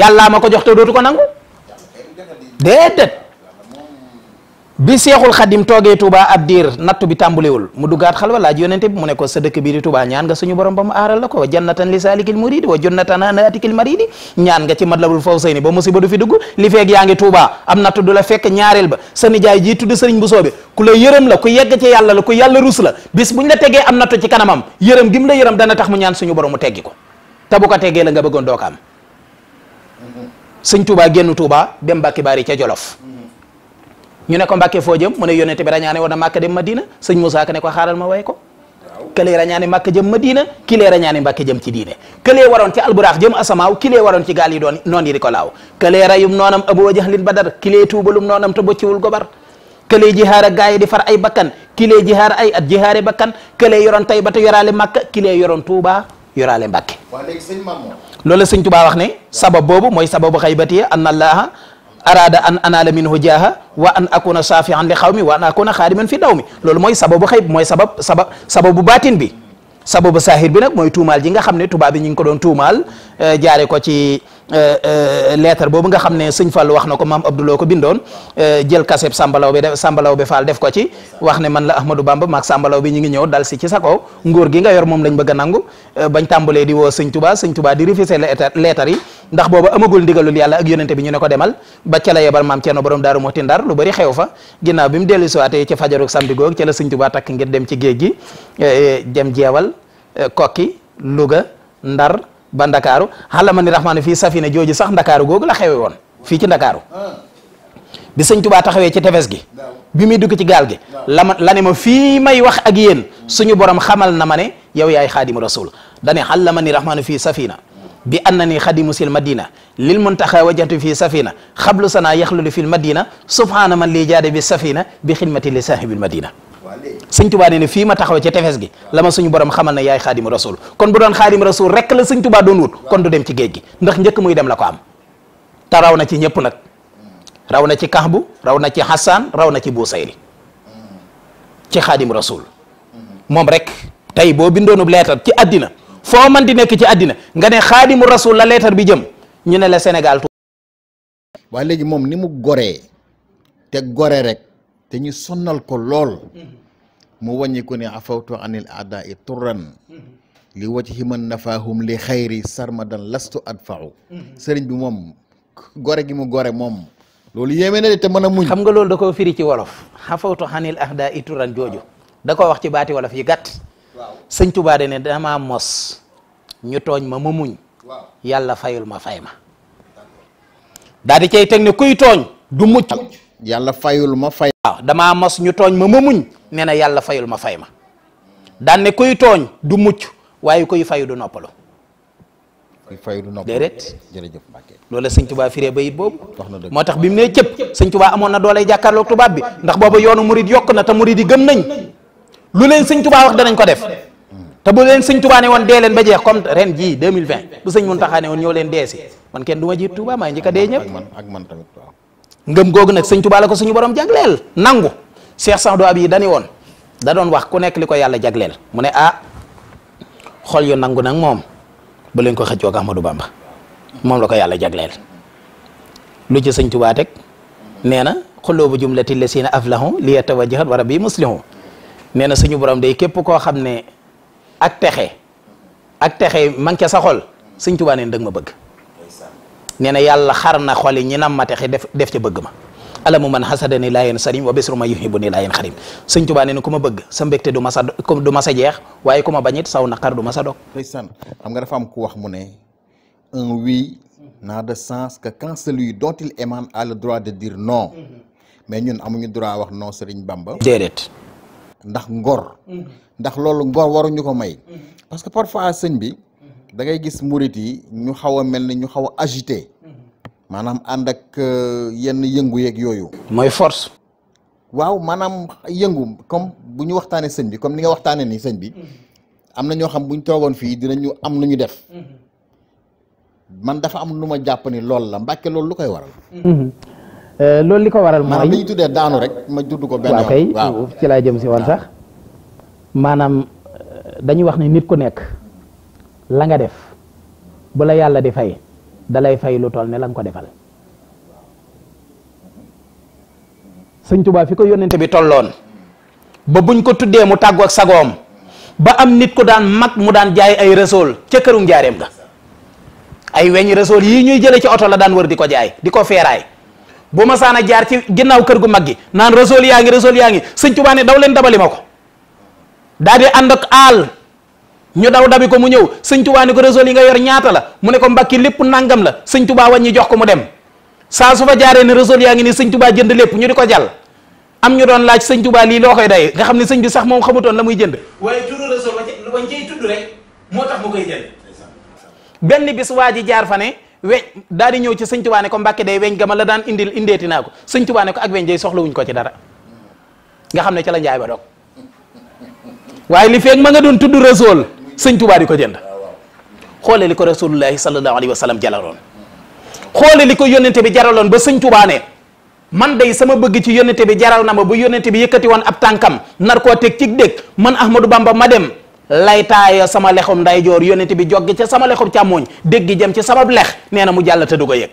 yàllaa ma ko jox te dootu ko nangu déedéet bi xa xadim toogee Touba ab diir nattu bi tàmbulewul mu duggaat xalwa laaj yonente bi mu ne ko sa dëkk bii di Touba ñaan nga suñu borom ba mu aaral la ko wa jannatan li salikil muridi wa jannatan anatikil maridi ñaan nga ci matlabul fawsayni ba musiba du fi dugg li feeg yaa ngi Touba am nattu du la fekk ñaareel ba sa nijaay ji tudd sëriñ bu soobe ku la yërëm la ku yegg ci yàlla la ku yàlla rus la bis buñ la tegee am nattu ci kanamam ñaan suñu borom mu ko te bu ko tegee la nga bëggoon doo ko am sëñ Touba génn Touba dem Baari ca Jolof ñu ne ko Mbàkke foo jëm mu ne yonente bi na Màkka dem Madina sëñ Moussa Ka ne ko xaaral ma way ko këlee rañaane Màkka jëm Madina kilee rañaane Mbàkke jëm ci diine këlee ci alburaax jëm asamaaw kilee waroon ci gaal doon noon yi di ko laaw këlee rayum noonam Abu Jahlin Badar kilee tuubalum noonam te bocciwul gobar këlee jihaar ak gaa yi di far ay bakkan kilee jihaar jihaare bakkan këlee yoroon tay ba te yoraale Màkka kilee yoroon Tuubaa yoraale Mbàkke waaw léegi sëñ Mamour loolu la sëñ Tuubaa wax ne araada an anaala minhu jaaha wa an akuna saafian li xawmi wa an akuna man fi daw mi loolu mooy sababu xëyb mooy sabab sabab sababu baatin bi sababu saahir bi nag mooy tuumaal ji nga xam ne tubaab bi ñu ngi doon tuumaal eh, jaare ko ci Euh, euh, lettre boobu nga xam ne sëñ Fall wax na ko maam Abdouloo ko bindoon euh, jël kaseeb sambalaw bi def sambalaw bi Fall def ko ci wax ne man la Ahmadou Bamba maag sambalaw bi ñu ngi ñëw dal si ci sa kaw nguur gi nga yor moom lañ bëgg a nangu bañ tàmbalee di woo sëñ Touba sëñ tubaa di refusé lettre yi ndax booba amagul ndigalul yàlla ak yonente bi ñu ne ko demal ba ca la yebal maam Ceerno borom daaru Moti Ndar lu bari xew fa ginnaaw bi mu dellu siwaatee ca fajaruk samedi googu ca la sëñ Touba takk ngir dem ci géej gi ba ndakaaru xalama ni rahmaani fii safina jooju sax ndakaaru googu la xewe woon fii ci ndakaaru bi sëñ tubaa taxawee ci tefes gi bi muy dugg ci gaal gi la ma la ne ma fii may wax ak yéen suñu borom xamal na ma ne yow yaay xaadimu rasul dane xallama ni rahmaani fii safina bi annani xadimu sil madina lil muntaxa wajatu fii safina xablu sana yaxlulu fil madina subhaana man lii jaade bi safina bi xidmati li saahibil madina sëñ tubaa nee ne fii ma taxaw ci tefes gi lama ma suñu borom xamal na yaay xaadim rasul kon bu doon xaadim rasul rek la sëñ tubaa doon wut kon du dem ci géej gi ndax njëkk muy dem la ko am te raw na ci ñëpp nag raw na ci Kahbu raw na ci Hassan raw na ci Busayri ci xaadim rasul moom rek tey boo bindoonub leetar ci àddina foo man di nekk ci àddina nga ne xaadimu rasul la leetar bi jëm ñu ne la Sénégal waa léegi moom ni mu gore te gore rek te ñu mu wàññiku a afawtu anil aada i turan li wacc himan nafaahum li xayri sarmadan lastu adfau sëriñ bi moom gore gi mu gore moom loolu yéeme na de te mën a muñ xam nga loolu da koo firi ci wolof afawtu anil aada i turan jooju da koo wax ci baati wolof yi gàtt sëñ Tuubaa de ne damaa mos ñu tooñ ma ma muñ yàlla fayul ma fay ma di cay teg ne kuy tooñ du mucc yàlla fayul ma fay. waaw damaa mos ñu tooñ ma mamuñ muñ yàlla fayul ma fay ma daan ne kuy tooñ du mucc waaye kuy fayu du noppalu. kuy fayu du noppalu déedéet. jërëjëf Mbacke loolu la sëñ Tuba firee bayit boobu. na moo tax bi mu nee cëpp sëñ Tuba amoon na doolay jàkkaarloog tubaab bi ndax booba yoonu murid yokk na te murid yi gën nañ lu leen sëñ Tuba wax danañ ko def. ta bu leen sëñ Touba ne woon dee leen ba jeex comme ren jii 2020 bu sëñ Mountakha ne woon ñëw leen dee si man kenn du jiit Touba maa ngi a dee ñëpp ak man ak ngëm googu nag sëñ Tuubaa ko suñu borom jagleel nangu Cheikh Sadou Habib dani woon da doon wax ku nekk li ko yàlla jagleel mu ne ah xol yu nangu nag moom ba leen ko xëccoo ak Ahmadou Bamba moom la ko yàlla jagleel lu ci sëñ Tuubaa teg nee na xuloobu jumlati lesina aflahu li yatawajjahat wa rabbi muslihu nee na suñu borom day képp koo xam ne ak texe ak texe manqué sa xol sëñ Tuubaa neen dëgg ma bëgg. nee na yàlla xar na xoli ñi nam ma texe def def bëgg ma alamu man xasadani laa yéen sarim wa bisru ma yuhibu ni laa yéen sëñ Tuubaa na ku ma bëgg sa mbégte du du ma sa jeex waaye ku ma bañit saw naqar du ma sa dog ndeysaan xam nga dafa am ku wax mu ne un oui n'a de sens que quand celui dont il émane a le droit de dire no mm-hmm. mais ñun amuñu droit wax non Sëriñ Bamba déedéet ndax ngor mm-hmm. ndax loolu ngor waruñu ko may mm-hmm. parce que parfois sëñ bi da ngay gis murit yi ñu xaw a mel ni ñu xaw a agité maanaam ànd ak euh, yenn yëngu yooyu. mooy force. waaw maanaam yëngu comme bu ñu waxtaanee sëñ bi comme ni nga waxtaanee ni sëñ bi mm-hmm. am na ñoo xam bu ñu toogoon fii dinañu am lu ñu def. Mm-hmm. man dafa am lu ma jàpp ni loolu la Mbàkke lool lu koy waral. Mm-hmm. Euh, loolu li ko waral mooy maanaam li ñu tuddee daanu rek ma juddu ko. benn waaw kay ci laa jëm si woon sax maanaam euh, dañuy wax ne nit ku nekk. la nga def bu la yàlla di fay dalay fay lu toll ne la ko defal sëñ Tuubaa fi ko yónnente bi tolloon ba buñ ko tuddee mu tàggu ak sagoom ba am nit ku daan mag mu daan jaay ay rësool ca këru njaareem ga ay weñi rësool yii ñuy jële ci oto la daan wër di ko jaay di ko feeraay bu ma saana jaar ci ginnaaw kër gu mag gi naan rësool yaa ngi rësool yaa ngi sëñ Tuubaa daw leen dabali ma ko daa di ànd aal ñu daw dabi ko mu ñëw sëñ tubaa ni ko réseau yi nga yor ñaata la mu ne ko mbakki lépp nangam la sëñ tubaa wàññi jox ko mu dem saa su fa jaaree ne réseau yaa ngi ni sëñ tubaa jënd lépp ñu di ko jàll am ñu doon laaj sëñ tubaa lii loo koy day nga xam ne sëñ bi sax moom xamutoon la muy jënd waaye turu réseau ba cay tudd rek moo benn bis waa ji jaar fa ne weñ daal di ñëw ci sëñ tubaa ne ko mbàkke day weñ gama la daan indil indeeti naa ko sëñ tubaa ne ko ak weñ day soxlawuñ ko ci dara nga xam ne ca la njaay ba doog waaye li feeg ma nga doon tudd réseau sëñ Tuubaa di ko jënd xoole li ko rasulullahi sallallahu alayhi wa sallam jaraloon xoole li ko yónnente bi jaraloon ba sëñ Tuubaa ne man day sama bëgg ci yónnente bi jaral na ma bu yónnente bi yëkkati woon ab tànkam nar koo teg ci dëkk man Ahmadou Bamba ma dem laytaaya sama lexum ndeyjoor yónnente bi joggi ca sama lexum càmmooñ dégg gi jëm ci sama lex nee na mu jàll te du ko yëg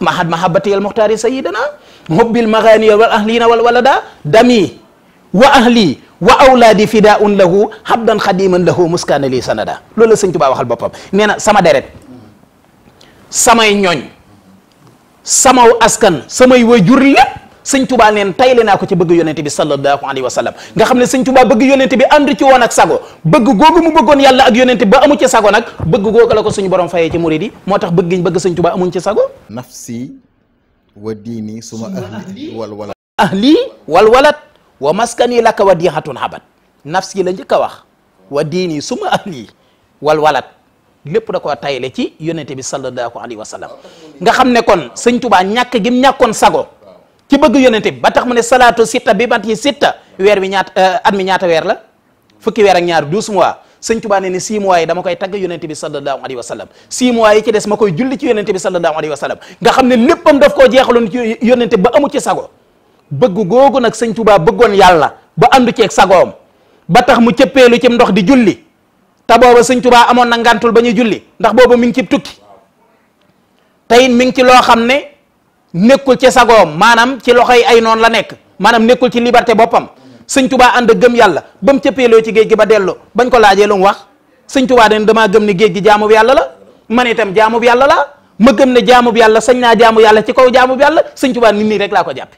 mahad mahabatiyal muxtaari sayidana hubbil maxaaniya wal ahlina wal walada dami wa ahli wa awlaadi fidaun lahu habdan xadiman lahu muskaana lii sanada loolu la sëñ Tuubaa waxal boppam nee na sama deret samay ñooñ samaw askan samay waajur lépp sëñ Tuubaa neen tayle naa ko ci bëgg yonente bi sallallahu alayhi wa sallam nga xam ne sëñ Tuubaa bëgg yonente bi ànd ci woon ak sago bëgg googu mu bëggoon yàlla ak yonente ba amu ci sago nag bëgg googu la ko suñu borom fayee ci murid yi moo tax bëgg giñ bëgg sëñ Tuubaa amuñ ci sago nafsi wa diini suma ahli wal wa maskani laka wa diixatun habat nafs yi la njëkk a wax wa diini suma ahli wal walat lépp da koo tayle ci yonente bi sallallahu alayhi wa sallam nga xam ne kon sëñ tubaa ñàkk gim sago ci bëgg yonente ba tax mu ne salaatu sitta bi bat yi sitta weer wi ñaat euh, at mi ñaata weer la fukki weer ak ñaar douze mois sëñ tubaa ne ni six mois yi dama koy tagg yonente bi sallallahu alayhi wa sallam six mois ci des ma koy julli ci yonente bi sallallahu alayhi wa sallam nga xam ne léppam daf koo jeexaloon ci yonente ba amu ci sago bëgg googu nag sëñ Tuubaa bëggoon yàlla ba àndu ceeg sagoom ba tax mu cëppeelu cim ndox di julli te booba sëñ Tuubaa amoon na ngàntul ba ñuy julli ndax booba mi ngi ci tukki tey mi ngi ci loo xam ne nekkul ci sagoom maanaam ci loxoy ay noonu la nekk maanaam nekkul ci liberté boppam sëñ Tuubaa ànd ak gëm yàlla ba mu cëppeeloo ci géej gi ba delloo bañ ko laajee lu mu wax sëñ Tuubaa dañ dama gëm ni géej gi jaamub yàlla la man itam jaamub yàlla la ma gëm ne jaamub yàlla sañ naa jaamu yàlla ci kaw jaamub yàlla sëñ Tuubaa laa ko jàppe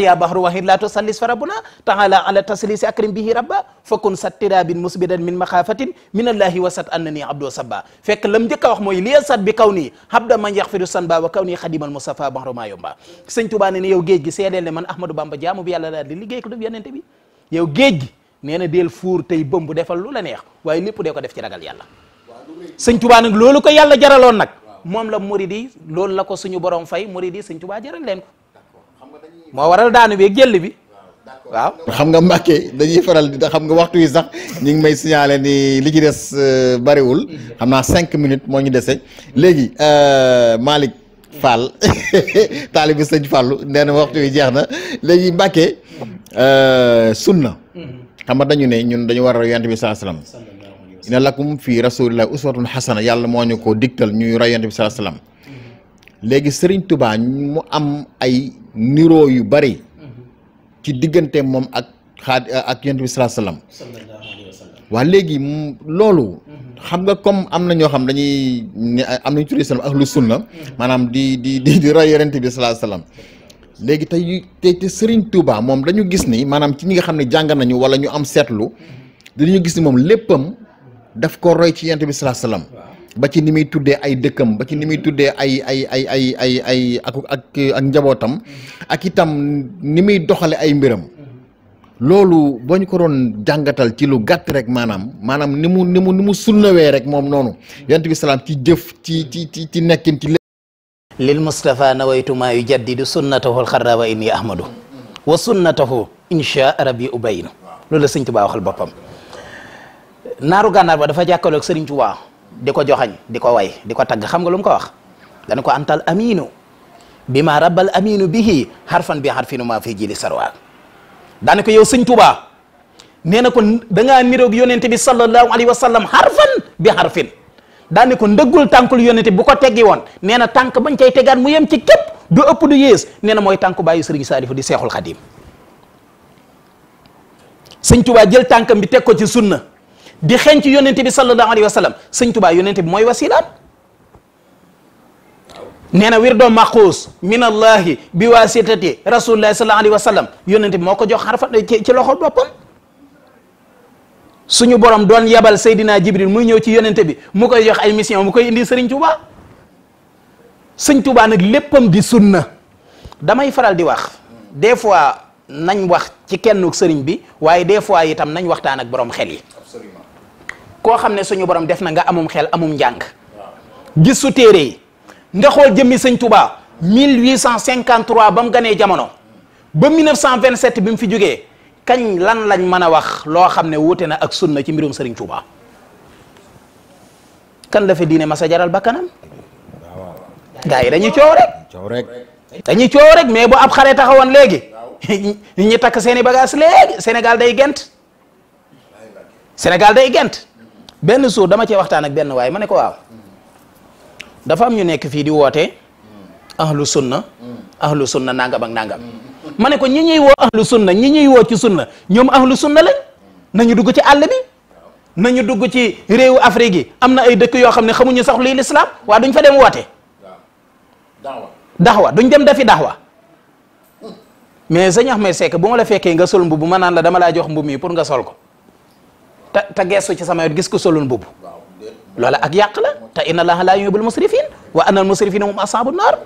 ya bahru wahid la tusallis fa rabbuna taala ala taslisi akrim bihi rabba fakun sattirabin musbidan min maxaafatin min allahi wasat annani abdo sabba fekk lam njëkk a wax mooy liya sat bi kaw nii habda man yaxfiru sanba wa kaw nii xadimal mustafa bahru ma yomba sëñ Tuubaa ne ne yow géej man ahmadou bamba jaamu bi yàlla daal di liggéey ko def yonente bi yow géej gi nee na deel defal lu la neex waaye lépp dee ko def ci ragal yàlla sëñ loolu ko yàlla la murid yi loolu la ko suñu borom fay murid yi sëñ Tuubaa jaral leen ko moo waral daanu bee jëll bi waaw. xam nga Mbacke dañuy faral di da xam nga waxtu yi sax ñu ngi may signaler ni li ci des euh, bariwul xam naa cinq minutes moo ñu dese léegi euh, Malick Fall taalibi sëñ Fallu nee na waxtu yi jeex na léegi Mbacke euh, sunna xam nga dañu ne ñun dañu war a yonent bi sallallahu alayhi wasallam inna lakum fii rasulillahi uswatun hasana yàlla moo ñu ko digtal ñuy roy yonent bi sallallahu léegi Serigne Touba mu am ay niroo yu bari ci diggante moom ak xaat ak yonent bi sallallahu waa léegi loolu mhm. xam nga comme am na ñoo xam dañuy am nañu tuddee sallam ahlu sunna mhm. maanaam di di di di roy bi sallallahu léegi tey tey te sëriñ Touba moom dañu gis ni maanaam ci ñi nga xam ne jàng nañu wala ñu am seetlu di mhm. dañu gis ni moom léppam daf ko roy ci yent bi sallallahu ba ci ni muy tuddee ay dëkkam ba ci ni muy tuddee ay ay ay ay ay ay ak njabootam ak itam ni muy doxale ay mbiram loolu boo ñu ko doon jàngatal ci lu gàtt rek maanaam maanaam ni mu ni mu ni mu sunnawee rek moom noonu yonent bi salaam ci jëf ci ci ci ci nekkin ci lil mustafa nawaytu maa yu jaddidu sunnatahu alxarra wa inni ahmadu wa sunnatahu insha rabbi ubayinu loolu la sëñ Tuubaa waxal ba dafa jàkkaloog sëriñ Tuubaa di ko joxañ di ko way di ko tagg xam nga lu mu ko wax dana ko antal aminu bi ma rabbal aminu bihi harfan bi harfinu ma fi jili sarwaal daana ko yow sëñ Tuubaa nee na ko da ngaa niroog yonente bi sallallahu alayhi wa sallam harfan bi harfin daane ko ndëggul tànkul yonente bu ko teggi woon nee na tànk bañ cay tegaat mu yem ci képp du ëpp du yées nee na mooy tànk bàyyi sëriñ Saalifu di seexul xadim sëñ Tuubaa jël tànkam bi teg ko ci sunna di xeeñ ci yonente bi sallallahu alayhi wa sallam sëñ tubaa yonente bi mooy wasilaam nee na wirdo maquus min allahi bi wasitati rasulillahi sallallahu alayhi wa sallam yonente bi moo ko jox xarfa ci loxo boppam borom doon yabal Seydina Jibril muy ñëw ci yonente bi mu koy jox ay mission mu koy indi sëriñ tubaa sëñ tubaa nag léppam di sunna damay faral di wax des fois nañ wax ci kenn sëriñ bi waaye des fois itam nañ waxtaan ak borom xel yi. koo xam ne suñu borom def na nga amum xel amum njàng gis téere yi nga xool jëmmi sëñ Touba 1853 ba mu ganee jamono ba 1927 bi mu fi jógee kañ lan lañ mën a wax loo xam ne wuute na ak sunna ci mbirum sëriñ Touba kan la fi diine masa jaral bakkanam gaa yi dañuy coow rek dañu rek dañuy coow rek mais bu ab xare taxawoon léegi ñu takk seeni bagage léegi senegal day gent Sénégal day gent benn suur dama cee waxtaan ak benn waaye ma ne ko waaw dafa am ñu nekk fii di woote ahlu sunna ahlu sunna nangam ak nangam ma ne ko ñi ñuy woo ahlu sunna ñi ñuy woo ci sunna ñoom ahlu sunna lañ nañu dugg ci àll bi nañu dugg ci réew Afrique yi am na ay dëkk yoo xam ne xamuñu sax luy lislaam waa duñ fa dem woote daxwa duñ dem dafi daxwa mais sëñ Ahmed Seck bu ma la fekkee nga sol mbubb ma naan la dama laa jox mbubb mi pour nga sol ko te te geesu ci sama yoon gis ko solul mbubb loola ak yàq la te inna allaha laa yuhibbul musrifin wa anna al musrifina hum ashabun nar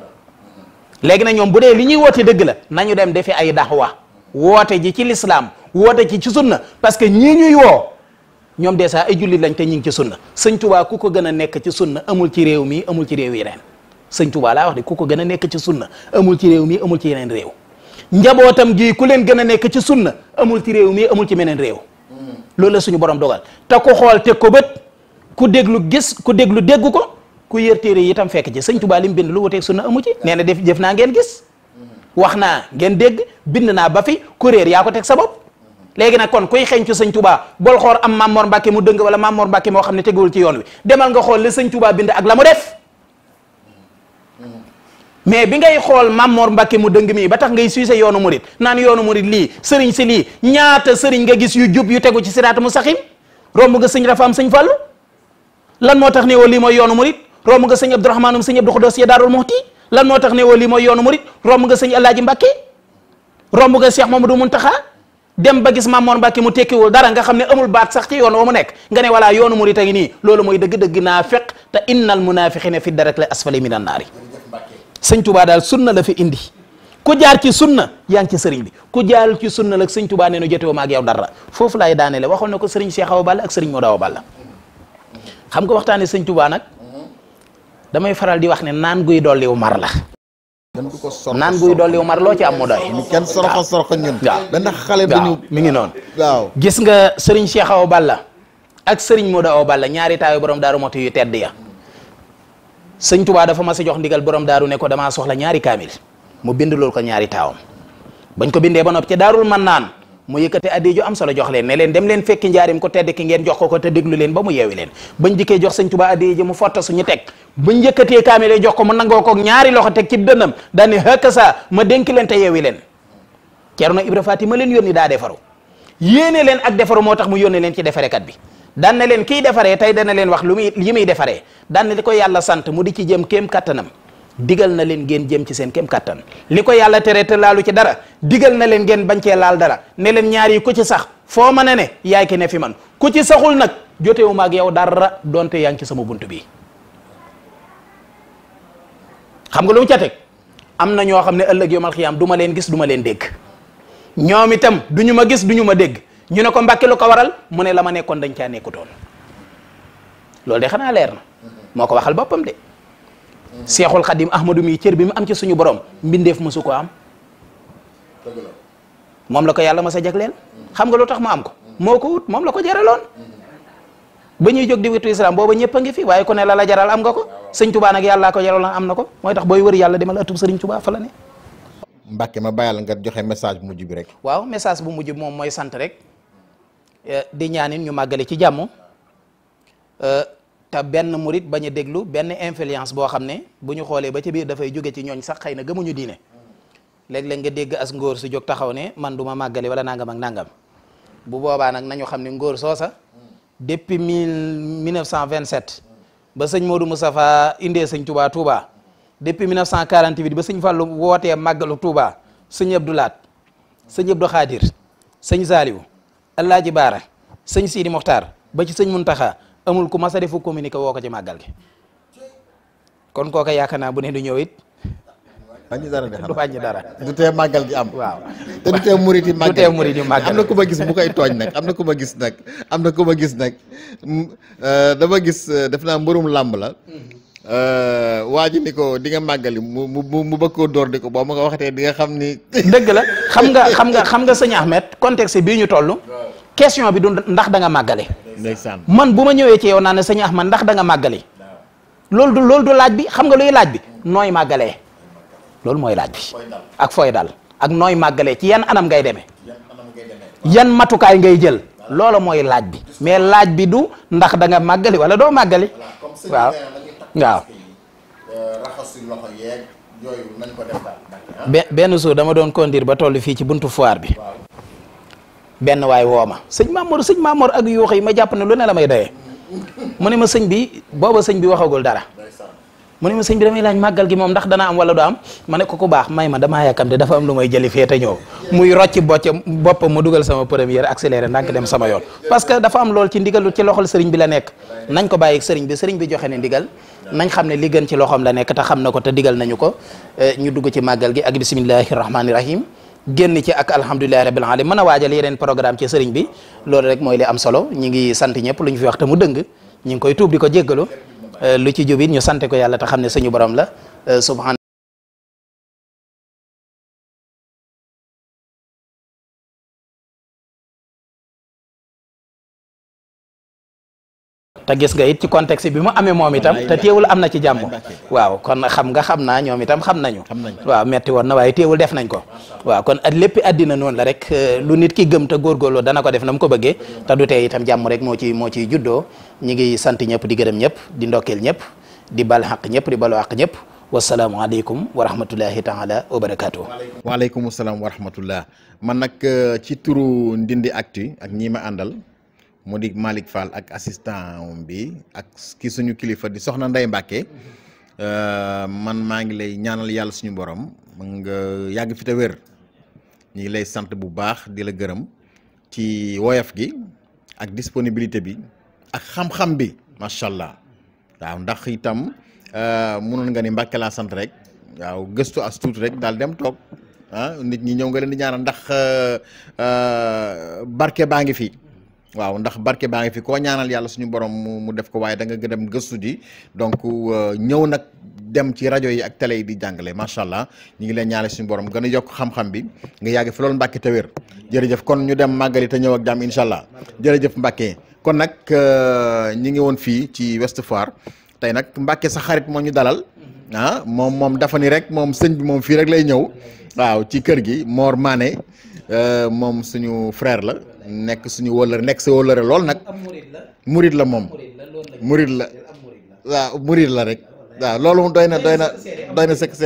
léegi na ñoom bu dee li ñuy woote dëgg la nañu dem defi ay daxwa woote ji ci lislaam woote ji ci sunna parce que ñii ñuy woo ñoom dèjà ay jullit lañ te ñu ngi ci sunna sëñ tubaa ku ko gën a nekk ci sunna amul réew mi amul ci réew yi reen sëñ laa wax de ku ko gën a nekk ci sunna amul ci réew mi amul ci yeneen réew njabootam gii ku leen gën a nekk ci sunna amul ci réew mi amul ci meneen réew loolu la suñu borom dogal te ku xool teg ko bët ku déglu gis ku déglu dégg ko ku yër téere yi itam fekk ci sëñ Tuubaa li mu bind lu wuteeg sunna amu ci nee na def jëf naa ngeen gis wax naa ngeen dégg bind naa ba fi ku réer yaa ko teg sa bopp léegi nag kon kuy xeeñcu sëñ tubaa bol xool am Mamor Mbàkke mu dëng wala Mamor Mbàkke moo xam ne teguwul ci yoon wi demal nga xool la sëñ Tuubaa bind ak la mu def mais bi ngay xool Mamor Mbacke mu dëng mii ba tax ngay suuse yoonu murit naan yoonu murit lii sëriñ si lii ñaata sëriñ nga gis yu jub yu tegu ci siraat mu saxim romb nga sëñ Rafaam sëñ Fallu lan moo tax ne woo lii mooy yoonu murit romb nga sëñ Abdourahmaanum sëñ Abdou Khodos ya Daarul Muxti lan moo tax ne woo lii mooy yoonu murit romb nga sëñ Alaaji Mbacke romb nga Cheikh Mamadou Muntaxa dem ba gis Mamor Mbacke mu tekkiwul dara nga xam ne amul baat sax ci yoon wa mu nekk nga ne voilà yoonu mu a ngi nii loolu mooy dëgg-dëgg naa feq te innal munaafiqiina fi darakil asfali minan naari sëñ tubaa daal sunna la fi indi ku jaar ci sunna yaa ngi ci sëriñ bi ku jaar ci sunna nag sëñ tubaa ne na jotewoo ma ak dara foofu laay daanele waxoon na ko sëriñ Cheikh Awa Balla ak sëriñ Modou Awa Balla xam nga waxtaane sëñ tubaa nag damay faral di wax ne naan guy dolliw mar la naan guy dolliw mar loo ci am mu doy kenn soroxo soroxo ñun waaw xale bu ñu mi ngi noonu gis nga sëriñ Cheikh Awa Balla ak sëriñ Modou Awa Balla ñaari taayu borom daaru moto yu tedd ya sëñ tubaa dafa mas a jox ndigal borom daaru ne ko damaa soxla ñaari kaamil mu bind loolu ko ñaari taawam bañ ko bindee ba noppi ca daarul man naan mu yëkkate addi am solo jox leen ne leen dem leen fekki njaarim ko tedd ki jox ko ko te déglu leen ba mu yeewi leen bañ dikkee jox sëñ tubaa addi ji mu fotta suñu teg bañ yëkkatee kaamil jox ko mu nangoo ko ñaari loxo teg ci dënnam daane hëkk ma dénk leen te yeewi leen Ceerno Ibra Faati ma leen yónni daa defaru yéene leen ak defaru moo tax mu yónne leen ci defarekat bi daan na leen kiy defaree tey dana leen wax lu muy yi muy defaree daan na li koy yàlla sant mu di ci jëm kéem kàttanam digal na leen ngeen jëm ci seen kéem kattan li ko yàlla tere te laalu ci dara digal na leen ngeen bañ cee laal dara ne leen ñaar yi ku ci sax foo mën a ne yaay ki ne fi man ku ci saxul nag jotewu ma ak yow dara donte yaa ngi ci sama bunt bi xam nga lu mu ca teg am na ñoo xam ne ëllëg yomal xiyaam du ma leen gis duma leen dégg ñoom itam du ñu ma gis du ma dégg. ñu ne ko Mbàkke lu ko waral mu ne la ma nekkoon dañ caa nekkutoon loolu de xanaa leer na moo ko waxal boppam de seexul xadim ahmadu mi cër bi mu am ci suñu borom mbindeef mësu ko am moom la ko yàlla ma sa jagleel xam nga lu tax mu am ko moo ko wut moom la ko jaraloon ba ñuy jóg di witu islam booba ñëpp a ngi fi waaye ku ne la a jaral am nga ko sëñ tubaa nag yàllaa ko jaraloon am na ko mooy tax booy wër yàlla demal ëttub sëriñ tubaa fa la ne Mbàkke ma bàyyal nga joxe message bu mujj bi rek waaw message bu mujj moom mooy sant rek Eh, di ñaanin ñu màggale ci jàmm eh, te benn murit bañ a déglu benn influence boo xam ne bu ñu xoolee ba ci biir dafay jóge ci ñooñ sax xëy na gëmuñu diine léeg-léeg nga dégg as ngóor su jóg taxaw ne man du ma màggale wala nangam ak nangam bu boobaa nag nañu xam ne ngóor soosa depuis mille mille neuf cent vingt-sept ba sëñ Modou Moustapha indee sëñ Touba Touba depuis 1948 ba sëñ Fallou wootee màggalu Touba sëñ Abdoulaat sëñ Abdou Khadir Alaaji Baara sëñ Sidi Mokhtar ba ci sëñ Muntaxa amul ku mas a defu communiqué woo ko ci màggal gi kon kooka yaakaar naa bu ne du ñëw it. wàññi dara de xanaa wàññi dara. du tee màggal gi am. waaw te du tee murit yi màggal am na ku ma gis bu koy tooñ nag am na ku ma gis nag am na ku gis nag euh, dama gis euh, def naa mbërum làmb la. Hmm. Euh, waa ji ni ko di nga màggali mu mu mu bëgg koo door di ko boo mu nga waxatee di nga xam ni. dëgg la xam nga xam nga xam nga sëñ Ahmed contexte bii ñu toll. question bi du ndax da nga màggale. man bu ma ñëwee ci yow naa ne sëñ Ahmed ndax da nga màggali. loolu du loolu du laaj bi xam nga luy laaj bi nooy màggalee. loolu mooy laaj bi ak fooy dal ak nooy màggalee ci yan anam ngay demee. yan matukaay ngay jël. loola mooy laaj bi mais laaj bi du ndax danga nga màggali wala doo màggali. waaw. waaw raxasu benn suuf dama doon conduire ba toll fii ci buntu foire bi benn waay woo ma sëñ Mamour sëñ Mamour ak yuux yi ma jàpp na lu ne la may doyee mu ne ma sëñ bi booba sëñ bi waxagul dara mu ne ma sëñ bi damay laaj gi moom ndax dana am wala du am ma ne ku baax may ma damaa yàkkamte dafa am lu may jëli fee te ñëw muy rocci bocc boppam ma dugal sama première accéléré ndànk dem sama yoon parce que dafa am lool ci ndigalu ci loxol sëriñ bi la nekk nañ ko bàyyi sëriñ bi sëriñ bi joxe ne ndigal nañ xam ne li gën ci loxoom la nekk te xam na ko te digal nañu ko eh, ñu dugg ci màggal gi ak bismillahi rahmaani rahim génn ci ak alhamdulilahi rabbil alamin mën a waajal yeneen programme ci sëriñ bi loolu rek mooy li am solo ñi ngi sant ñëpp lu ñu fi wax te mu dëng ñi ngi koy tuub di ko jéggalu lu ci jubit ñu sante ko yàlla te xam ne suñu borom la euh, subhana te gis nga it ci contexte bi mu amee moom itam te téewul am na ci jàmm waaw kon xam nga xam naa ñoom itam xam nañu waaw metti woon na waaye téewul def nañ ko waaw kon at lépp àddina noonu la rek euh, lu nit ki gëm te góorgóorloo dana ko def na mu ko bëggee te du tee itam jàmm rek moo ci moo ciy juddoo ñi ngi sant ñëpp di gërëm ñëpp di ndokkeel ñëpp di bal xaq ñëpp di balu xaq ñëpp wasalaamualeykum wa rahmatullahi taala wa barakaatu. waaleykum salaam wa rahmatullah man nag euh, ci turu Ndindy Actu ak ñi ma àndal. mu di Malick Fall ak assistant bi ak ki suñu kilifa di soxna Ndeye Mbacke euh, man maa ngi lay ñaanal yàlla suñu borom nga yàgg fi te wér ñu ngi lay sant bu baax di la gërëm ci woyof gi ak disponibilité bi ak xam-xam bi macha allah waaw ndax itam euh, mënoon nga ni Mbacke laa sant rek waaw gëstu as tuut rek daal dem toog ah nit ñi ñëw nga leen di ñaanal ndax euh, barke baa ngi fi. waaw ndax barke baa ngi fi koo ñaanal yàlla suñu borom mu mu def ko waaye da nga gëdam gëstu di donc euh, ñëw nag dem ci rajo yi ak tele yi di jàngale macha allah ñu ngi leen ñaanal suñu borom gën a yokk xam-xam bi nga yàgg fi loolu Mbàkke te jërëjëf kon ñu dem màggali te ñëw ak jàmm incha allah jërëjëf Mbàkke kon nag euh, ñi ngi woon fii ci Ouest Foire tey nag Mbàkke sa xarit moo ñu dalal ah moom moom dafa ni rek moom sëñ bi moom fii rek lay ñëw waaw ci kër gi Mor Mané Euh, moom suñu frère la nekk suñu wëllëre nekk sa wëllëre lool nag murid la moom murid la waaw murid la rek waaw loolu doy na doy na doy na sëkk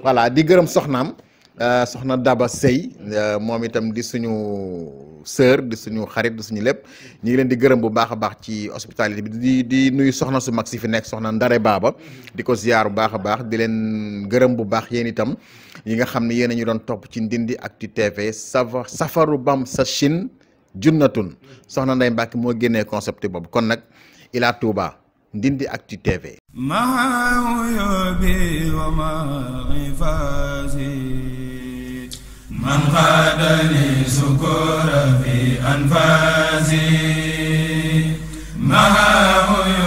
voilà di gërëm soxnaam euh, soxna Daba Sey euh, moom itam di suñu sœur di suñu xarit di suñu lépp ñu ngi leen di gërëm bu baax a baax ci hospitalité bi di di nuyu soxna su mag si fi nekk soxna Ndare Baaba di ko ziyaar bu baax a baax di leen gërëm bu baax yéen itam yi nga xam ne yéen ñu doon topp ci Ndindy Actu TV safaru bam sa Chine junnatun soxna Ndeye Mbacke moo génnee concept boobu kon nag Ila Touba Ndindy Actu TV man xaadani sukura fi anfasi